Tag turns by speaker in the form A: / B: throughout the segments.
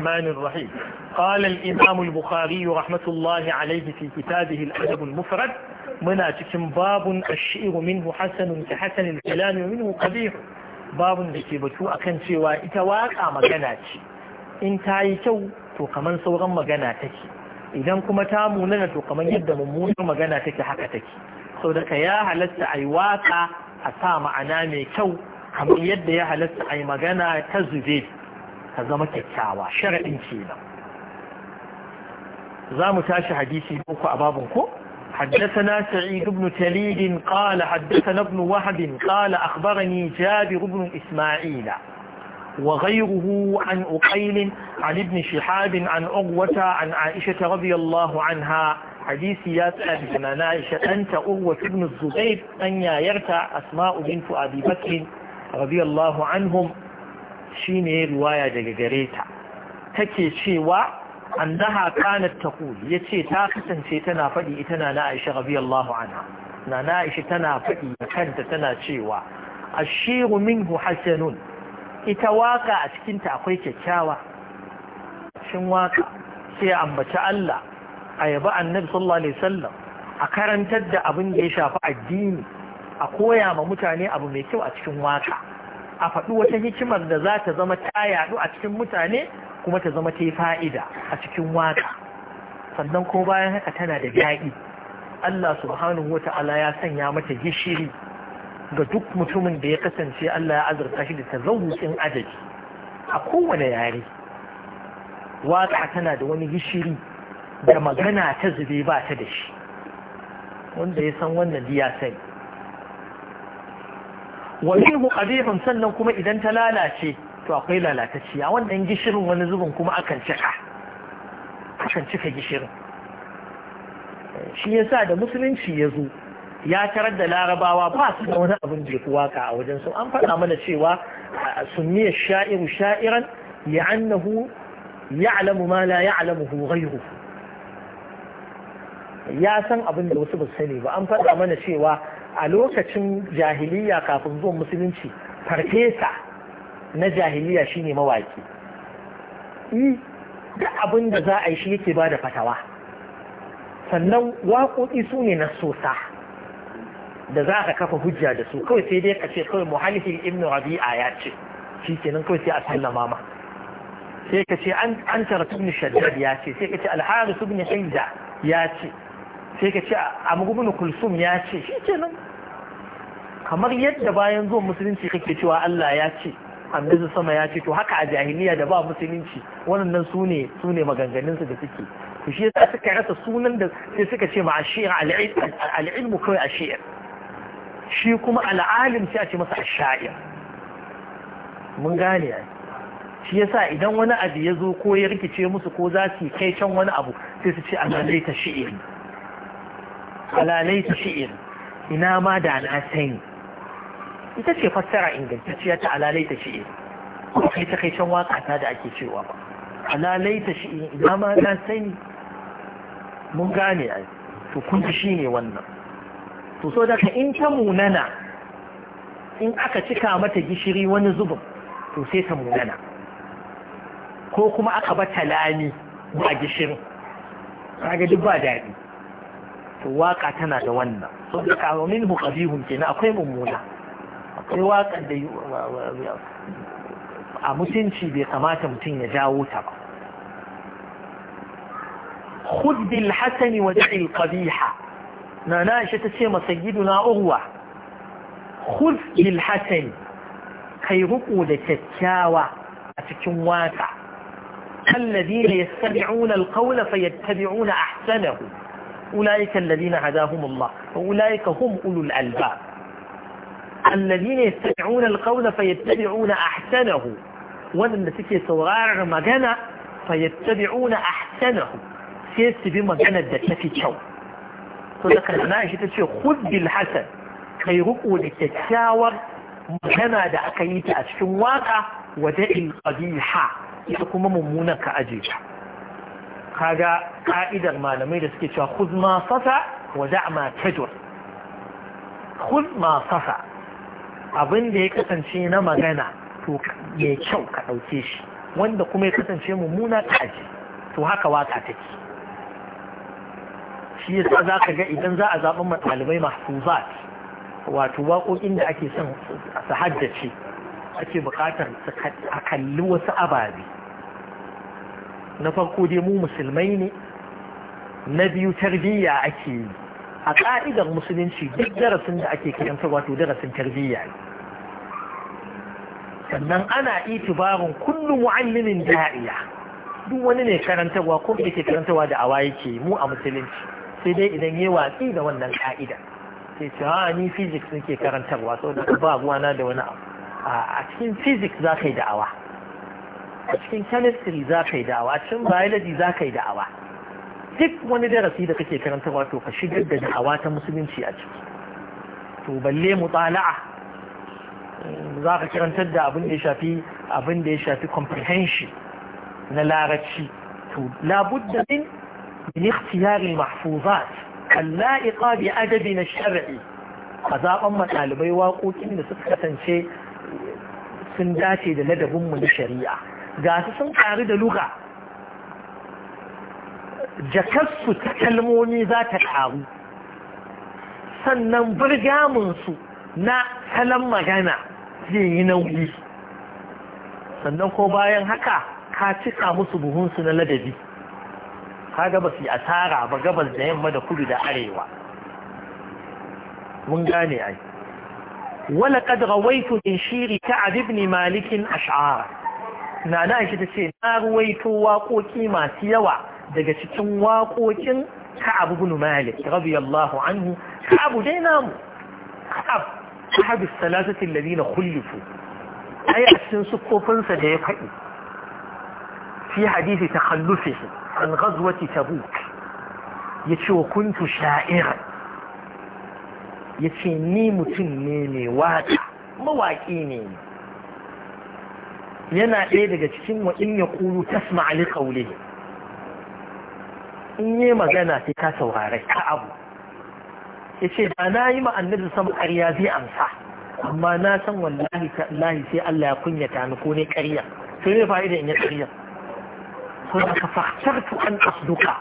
A: الرحمن الرحيم قال الإمام البخاري رحمة fi عليه في كتابه الأدب المفرد منا تكن باب الشعر منه حسن كحسن الكلام ومنه قبيح باب da ke batu akan cewa ita waƙa magana ce in ta yi kyau to kaman sauran magana take idan kuma ta munana to yadda mummunar magana take haka take sau da ka ya halatta a yi waƙa a sa ma'ana mai kyau kamar yadda ya halatta a yi magana ta zube ka zama kyakkyawa shari'in kenan za mu tashi hadisi uku a babin ko حدثنا سعيد بن تليد قال حدثنا ابن وهب قال أخبرني جابر بن إسماعيل وغيره عن أقيل عن ابن شحاب عن عروة عن عائشة رضي الله عنها حديث يسأل من عائشة أنت عروة بن الزبير أن يرتع أسماء بنت أبي بكر رضي الله عنهم shine ruwaya daga gare ta take cewa annaha kanat taqul yace ta kasance tana fadi ita na na Aisha radiyallahu anha na Aisha tana fadi kanta tana cewa ashiru minhu hasanun ita waka a cikin ta akwai kyakkyawa shin waka sai ambaci Allah ayaba annabi sallallahu alaihi wasallam a karantar da abin da ya shafi addini a koya ma mutane abu mai kyau a cikin waka a faɗi wata hikimar da za ta zama ta yaɗu a cikin mutane kuma ta zama ta yi fa'ida a cikin waƙa. sannan ko bayan haka tana da yaƙi. Allah subhanahu Ta'ala ya sanya mata gishiri ga duk mutumin da ya kasance Allah ya azurta shi da tazawucin adadi a kowane yare Waƙa tana da wani gishiri da magana ta zube ba ta da shi wanda ya san wannan diya sani. wa minhu qabihun sannan kuma idan ta lalace to akwai lalatacciya wannan gishirin wani zubin kuma akan cika akan cika gishirin shi yasa da musulunci ya zo ya tarar da larabawa ba su da wani abin da fi waka a wajen su an faɗa mana cewa sunniyar sha'iru sha'iran li'annahu ya'lamu ma la ya'lamuhu ghayruhu ya san abin da wasu ba sani ba an faɗa mana cewa a lokacin jahiliya kafin zuwan musulunci farfesa na jahiliya shine mawaki duk abin da za a yi shi yake ba da fatawa sannan waƙoƙi su ne na sosa da za ka kafa hujja da su kawai sai dai ka ce kawai muhalifin Ibn rabi'a ya ce shi kenan kawai sai a sallama ma sai ka ce an tara ibn shaddad ya ce sai ka ce Alharu su hinda ya ce sai ka ce a mugubin kulsum ya ce shi ce nan kamar yadda bayan zuwan musulunci kake cewa Allah ya ce annabi sama ya ce to haka a jahiliya da ba musulunci wannan su ne su ne maganganunsu da suke to shi yasa suka rasa sunan da sai suka ce ma ashir al-ilmu kawai ashir shi kuma al'alim sai a ce masa ashir mun gane ya shi yasa idan wani abu ya zo ko ya rikice musu ko za su kai can wani abu sai su ce an ta shi'iri alalai ta shi’in ina ma da na sani ita ce fassara ingantacciya ta alalai ta shi’in ko kai ta kai can waka ta da ake cewa ba alalai ta shi’in ina ma na sani mun gane ai to kun shi ne wannan to so da in ta munana in aka cika mata gishiri wani zubin to sai ta munana ko kuma aka bata lami ba gishirin kaga duk ba daɗi waka tana da wannan saboda kawo min buƙabihun kenan akwai mummuna akwai waƙar da a mutunci bai kamata mutum ya jawo ta ba خذ بالحسن ودع القبيح نانا عائشة تسيما سيدنا أغوى خذ بالحسن كي رقو لتتاوى أتكم واقع الذين يستمعون القول فيتبعون أحسنه أولئك الذين هداهم الله وأولئك هم أولو الألباب الذين يستمعون القول فيتبعون أحسنه وانا تكي سوغار مجانا فيتبعون أحسنه سيسي بمجانا الدتنفي تشو صدق الناشي تشي خذ بالحسن كي رقوا لتتشاور مجانا دا أكيد أشواقا ودئ القبيحة يتكم ممونك أجيشا kaga ka'idar malamai da suke cewa khuz ma fasa wa da' ma tajur khuz ma fasa abin da ya kasance na magana to ya kyau ka ɗauke shi wanda kuma ya kasance mummuna kaji to haka waka take shi yasa za ka ga idan za a zaɓin matalibai mahfuzat wato waƙoƙin da ake son su haddace ake buƙatar su kalli wasu ababe na farko dai mu musulmai ne na biyu tarbiyya ake yi a ƙa'idar musulunci duk darasin da ake kiranta wato darasin tarbiyya ne sannan ana itibarin kullum mu'allimin da'iya duk wani ne karantarwa ko da ke karantarwa da awa yake mu a musulunci sai dai idan yi watsi da wannan ka'ida sai ce ha ah, ni physics nake karantarwa saboda ba ruwana da wani abu a cikin physics za ka yi da'awa a cikin chemistry za ka yi da'awa a cikin biology za ka yi da'awa duk wani darasi da kake karanta wato ka shigar da da'awa ta musulunci a ciki to balle mutala'a za ka karantar da abin da ya shafi abin da ya shafi comprehension na larabci to labudda min min ikhtiyar al-mahfuzat kalla'iqa bi adabina shar'i a zaben matalibai waƙoƙin da suka kasance sun dace da ladabinmu na shari'a ga su sun ƙari da luka, jakarsu ta kalmomi za ta ƙaru sannan birgaminsu na salon magana zai yi nauyi sannan ko bayan haka ka cika musu buhunsu na ladabi ka gaba su asara ba gabas da yamma da kudu da arewa mun gane ai wala kad rawaitu in shiri ta abibni malikin ash'ara na na shi ta ce na ruwaito waƙoƙi masu yawa daga cikin waƙoƙin ka'ab ibn malik radiyallahu anhu ka'ab dai namu ka'ab ka'ab da alladhina khulifu ai a cikin sukofinsa da ya faɗi fi hadisi shi an ghazwati Ya ce wa kuntu Ya yace ni mutum ne mai waƙa mawaƙi ne yana ɗaya daga cikin wa in ya tasma ali kaule in yi magana sai ka saurare ka abu ya ce ba na yi ma annabi sama ƙarya zai amsa amma na san wani lahi sai Allah ya kunyata ni ko ne ƙarya sai ne fa'ida in ya ƙarya so da ka fahimtartu an asduka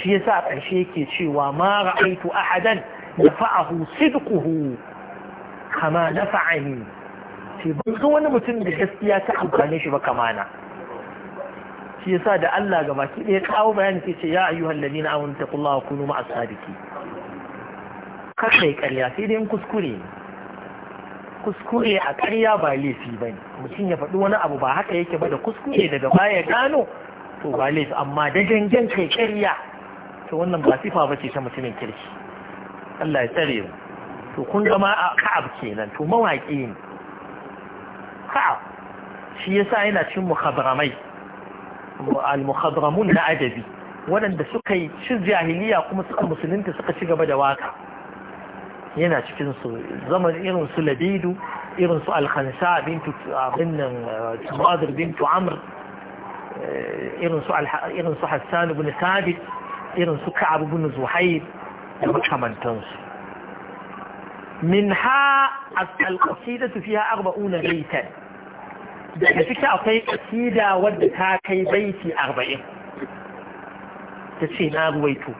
A: shi yasa a ƙarshe yake cewa ma ra'aitu ahadan nafa'ahu sidquhu kama nafa'ani ce ba su wani mutum da gaskiya ta amfane shi ba kamana shi yasa da Allah ga baki ɗaya kawo bayani ke ce ya ayyuhal ladina amanu taqullaha kunu ma'as sadiqin kar kai ƙarya sai dai kuskure kuskure a karya ba laifi ba ne mutum ya faɗi wani abu ba haka yake ba da kuskure daga baya gano to ba laifi amma da gangan kai ƙarya to wannan ba sifa ba ce ta mutumin kirki Allah ya tsare mu to kun gama a ka'ab kenan to mawaƙi ne waƙa shi yasa yana cin mukhadramai al-mukhadramun na adabi waɗanda suka yi ci jahiliya kuma suka musulunta suka ci gaba da waka yana cikin su zaman irin su labidu irin su alkhansa bintu abin nan tumadir bintu amr irin su irin su hassan ibn sabit irin su ka'ab ibn zuhair da makamantansu min minha al-qasidatu fiha 40 baytan daga ciki akwai kasida wadda ta kai baiti arba'in ta ce na ruwaito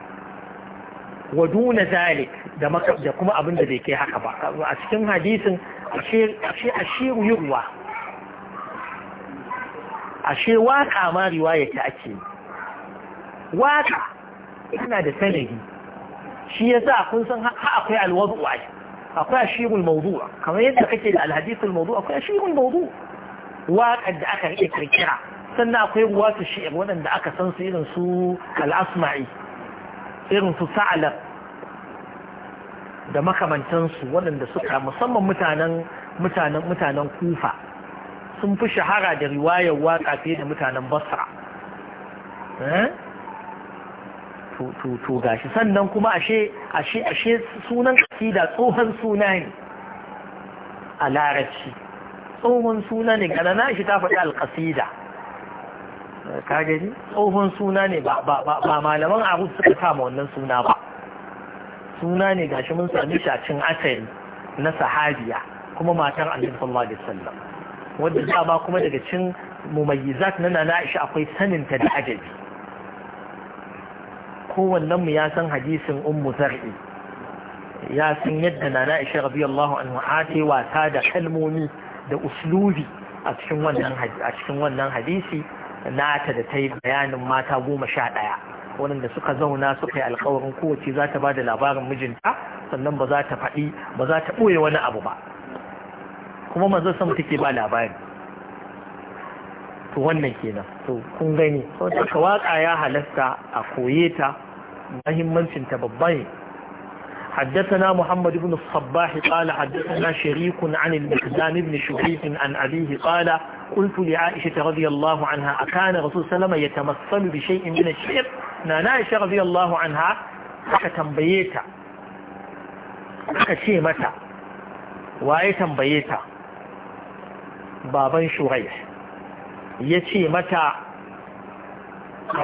A: wa duna zalik da kuma abin da bai kai haka ba a cikin hadisin ashe yi ruwa. ashe waka ma riwaya ta ake waka yana da sanadi shi ya sa kun san ha akwai alwadu akwai ashirul maudu kamar yadda kake da alhadisul maudu, akwai ashirul maudu. waƙar da aka iya kirkira sannan akwai wasu shi'ir waɗanda aka san su irin su al'asma'i irin su sa'alar da makamantansu waɗanda suka musamman mutanen mutanen mutanen kufa sun fi shahara da riwayar waƙa fiye da mutanen basra eh? to gashi sannan kuma ashe ashe ashe sunan kasida tsohon suna ne a larabci tsohon suna ne ga na shi ta faɗi alƙasida ka gani tsohon suna ne ba malaman arus suka kama wannan suna ba suna ne gashi mun sami shacin asali na sahabiya kuma matar annabi sallallahu alaihi wasallam wadda ba kuma daga cin mumayyizat na nana aisha akwai saninta da ajabi kowannan mu ya san hadisin ummu zar'i ya san yadda nana aisha Rabiyallahu anha ta wasa da kalmomi da uslubi a cikin wannan a cikin wannan hadisi nata da ta yi bayanin mata goma sha ɗaya waɗanda suka zauna suka yi alkawarin kowace za ta ba da labarin mijinta sannan ba za ta faɗi ba za ta ɓoye wani abu ba kuma manzo sama take ba labari to wannan kenan to kun gani saboda waka ya halasta a koye ta muhimmancinta حدثنا محمد بن الصباح قال حدثنا شريك عن المقدام بن شريك عن أبيه قال قلت لعائشة رضي الله عنها أكان رسول سلم يتمثل بشيء من الشعر نانا عائشة رضي الله عنها حكا تنبيتا حكا شيء متى waye tambaye ta baban shuraih ya ce mata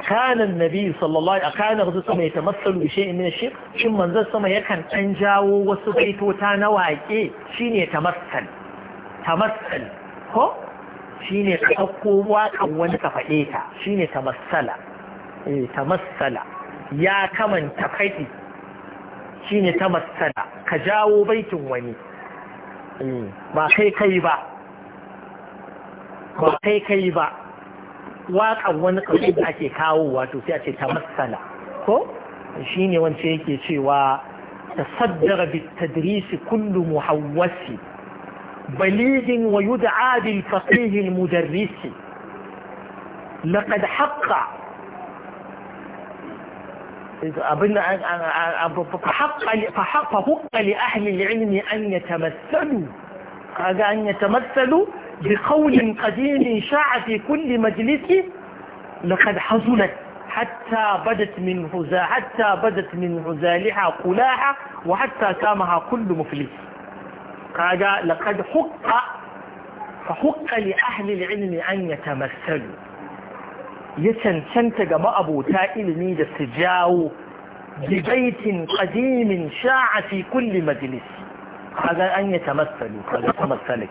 A: أكان النبي صلى الله عليه أكان رسول الله يتمثل بشيء من الشرك شن من ذا سما يكن أنجاو وسبيت وتانا وايكي شين يتمثل تمثل هو شين يتحقوا وأولا كفئيتا شين يتمثل إيه تمثل يا كمن تفئي شين يتمثل كجاو بيت وني ما كي كي با ما كي كي با waƙar wani ƙarfi da ake kawo wato sai a ce ta matsala ko shi ne wance yake cewa ta saddara bitadrisi kullu muhawwasi balidin wa yud'a bil faqih al mudarris laqad haqqa abin fa haqqa li ahli al ilmi an yatamassalu kaga an yatamassalu بقول قديم شاع في كل مجلس لقد حزنت حتى بدت من هزا حتى بدت من هزالها قلاها وحتى سامها كل مفلس قال لقد حق فحق لأهل العلم أن يتمثلوا ما جماعة تائل إلمي السجاو ببيت قديم شاع في كل مجلس هذا أن يتمثلوا هذا تمثلت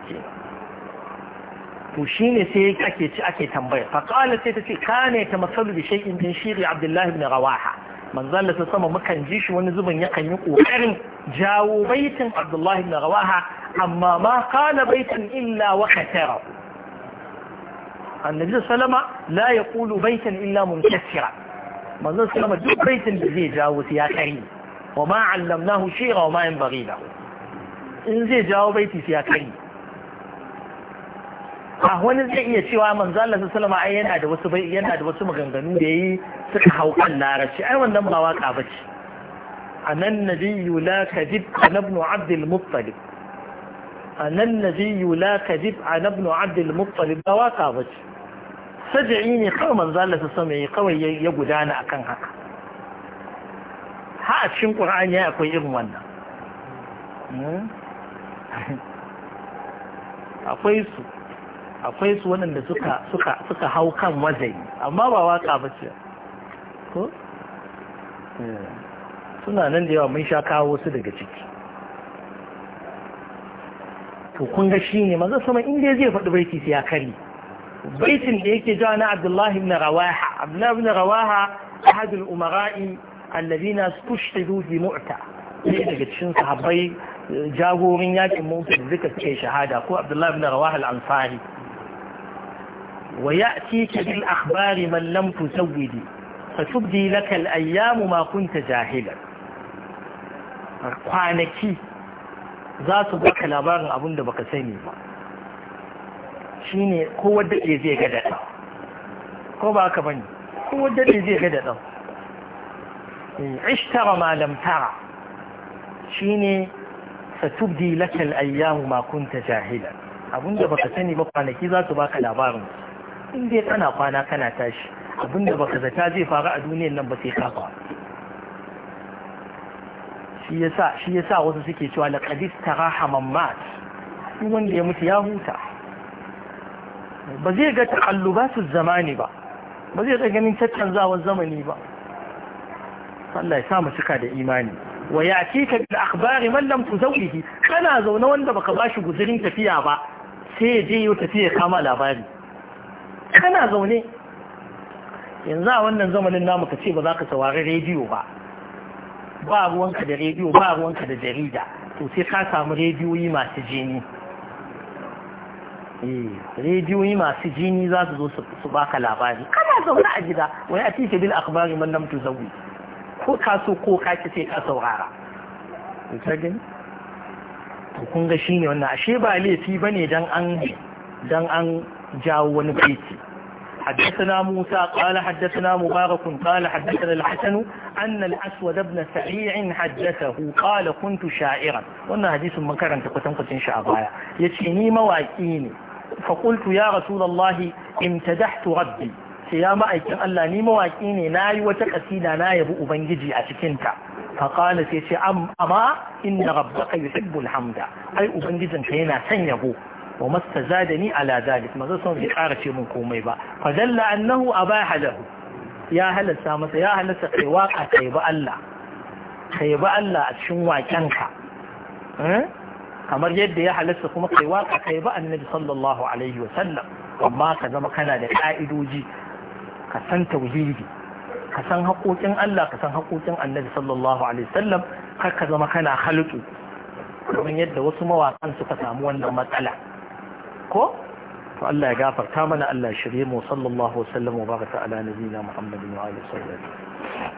A: to shine sai ake ci ake tambaya fa qala sai tace kana yatamassalu bi shay'in min shiri abdullahi ibn rawaha manzo Allah ta sama mukan ji shi wani ya kan yi kokarin jawo baitin abdullahi ibn rawaha amma ma qala baitin illa wa khatara annabi sallama la yaqulu baitan illa munkasira manzo sallama duk baitin da zai jawo sai ya kare wa ma allamnahu shi'ra wa ma yanbaghi lahu in zai jawo baiti sai ya kare a wani zai iya cewa manzo Allah sallallahu alaihi yana da wasu bai yana da wasu maganganu da yayi suka hau kan larabci ai wannan ba waka bace anan nabiyyu la kadib an ibn abd al-muttalib anan nabiyyu la kadib an ibn abd al-muttalib ba waka bace sajai ne kawai manzo Allah sallallahu alaihi kawai ya gudana akan haka ha a cikin qur'ani akwai irin wannan hmm? akwai su akwai su waɗanda suka hau kan wajen amma ba waka ba ce ko eh, suna nan da yawa mun sha kawo su daga ciki to kun ga shine maza sama inda zai faɗi baiti su ya kari baitin da yake jawa na Abdullahi ibn Rawaha Abdullahi ibn Rawaha a al-umara'i alladhina istushhidu bi mu'ta ne daga cikin sahabbai eh, jagorin yakin mota da duka suke shahada ko Abdullahi ibn Rawaha al-Ansari ويأتيك بالأخبار من لم تزودي فتبدي لك الأيام ما كنت جاهلا kwanaki za su baka labarin abin da baka sani ba shine ne kowar daɗe zai ga dadan, ko ba ka bane kowar daɗe zai ga daɗa ishtara malam tara shi ne satubdi lakal ayyamu ma kunta jahila abin da baka sani ba kwanaki za su baka labarin in dai kana kwana kana tashi abinda baka zata zai faru a duniyan nan ba sai ka faru shi yasa shi yasa wasu suke cewa laqad istaraha man duk wanda ya mutu ya huta ba zai ga takallubatu zamani ba ba zai ga ganin caccanzawar zamani ba Allah ya sa mu cika da imani wa yatika bil akhbari man lam tuzawwihi kana zaune wanda baka bashi guzurin tafiya ba sai ya je yau tafiya kama labari kana zaune yanzu a wannan zamanin namu ka ce ba za ka saurari rediyo ba ba ruwanka da rediyo ba ruwanka da jarida to sai ka samu rediyoyi masu jini eh, rediyoyi masu jini za su zo su baka labari kana zaune a gida wai a tike bil akhbari man lam tuzawi ko ka so ko ka ki sai ka saurara ka gani to kun ga shine wannan ashe ba laifi bane dan an dan an jawo wani baiti حدثنا موسى قال حدثنا مبارك قال حدثنا الحسن أن الأسود بن سعيع حدثه قال كنت شاعرا وأن حديث من كرن تقتن قتن شعبايا يتشيني مواكيني فقلت يا رسول الله امتدحت ربي يا مأيكن ألا ني مواكيني ناي وتقسينا ناي بأبنجي أتكنت فقال سيتي أم أما إن ربك يحب الحمد أي أبنجي كينا سنيبو wa mastazadani ala zalik manzo sun bai ƙara ce mun komai ba fa la'annahu a abaha lahu ya halasta masa ya halasta kai waka kai ba Allah kai ba Allah a cikin wakenka eh? kamar yadda ya halasta kuma kai waka kai ba annabi sallallahu amma ka kana da ka'idoji ka san tauhidi ka san haƙoƙin Allah ka san annabi kar ka zama kana halutu domin yadda wasu mawaƙan suka samu wannan matsala ko to Allah ya gafarta mana Allah ya shirye mu sallallahu alaihi wa sallam wa baraka ala nabiyina Muhammadin wa alihi wa sallam.